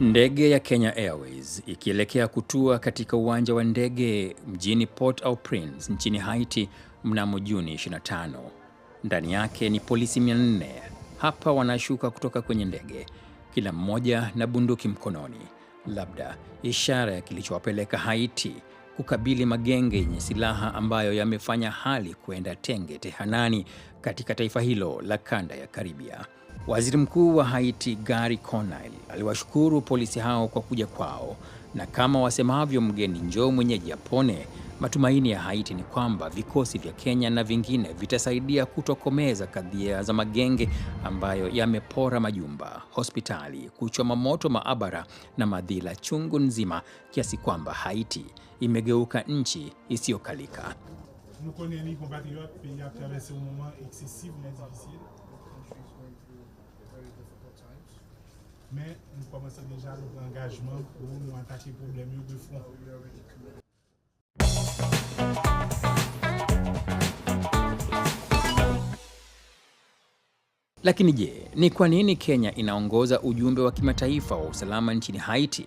Ndege ya Kenya Airways ikielekea kutua katika uwanja wa ndege mjini Port-au-Prince nchini Haiti mnamo Juni 25. Ndani yake ni polisi 400. Hapa wanashuka kutoka kwenye ndege, kila mmoja na bunduki mkononi, labda ishara ya kilichowapeleka Haiti kukabili magenge yenye silaha ambayo yamefanya hali kuenda tenge tehanani katika taifa hilo la kanda ya Karibia. Waziri Mkuu wa Haiti Gari conil aliwashukuru polisi hao kwa kuja kwao, na kama wasemavyo mgeni njoo mwenyeji apone, Matumaini ya Haiti ni kwamba vikosi vya Kenya na vingine vitasaidia kutokomeza kadhia za magenge ambayo yamepora majumba, hospitali, kuchoma moto maabara na madhila chungu nzima kiasi kwamba Haiti imegeuka nchi isiyokalika. Lakini je, ni kwa nini Kenya inaongoza ujumbe wa kimataifa wa usalama nchini Haiti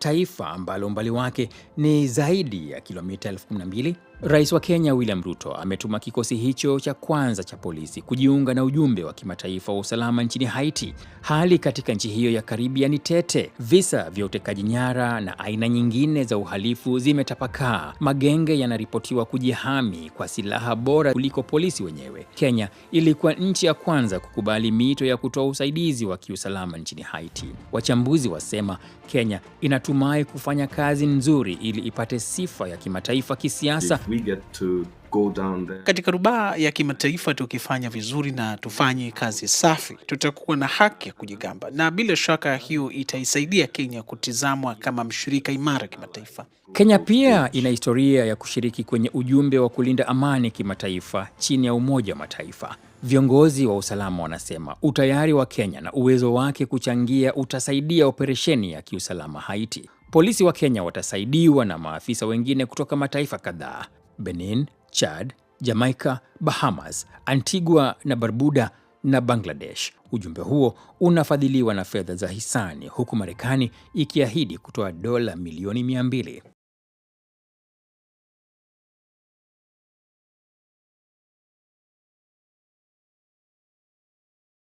taifa ambalo umbali wake ni zaidi ya kilomita elfu kumi na mbili, Rais wa Kenya William Ruto ametuma kikosi hicho cha kwanza cha polisi kujiunga na ujumbe wa kimataifa wa usalama nchini Haiti. Hali katika nchi hiyo ya Karibia ni tete. Visa vya utekaji nyara na aina nyingine za uhalifu zimetapakaa. Magenge yanaripotiwa kujihami kwa silaha bora kuliko polisi wenyewe. Kenya ilikuwa nchi ya kwanza kukubali miito ya kutoa usaidizi wa kiusalama nchini Haiti. Wachambuzi wasema Kenya inatu natumai kufanya kazi nzuri ili ipate sifa ya kimataifa kisiasa. Katika rubaa ya kimataifa tukifanya vizuri na tufanye kazi safi, tutakuwa na haki ya kujigamba, na bila shaka hiyo itaisaidia Kenya kutizamwa kama mshirika imara kimataifa. Kenya pia ina historia ya kushiriki kwenye ujumbe wa kulinda amani kimataifa chini ya Umoja wa Mataifa. Viongozi wa usalama wanasema utayari wa Kenya na uwezo wake kuchangia utasaidia operesheni ya kiusalama Haiti. Polisi wa Kenya watasaidiwa na maafisa wengine kutoka mataifa kadhaa: Benin, Chad, Jamaica, Bahamas, Antigua na Barbuda na Bangladesh. Ujumbe huo unafadhiliwa na fedha za hisani, huku Marekani ikiahidi kutoa dola milioni mi20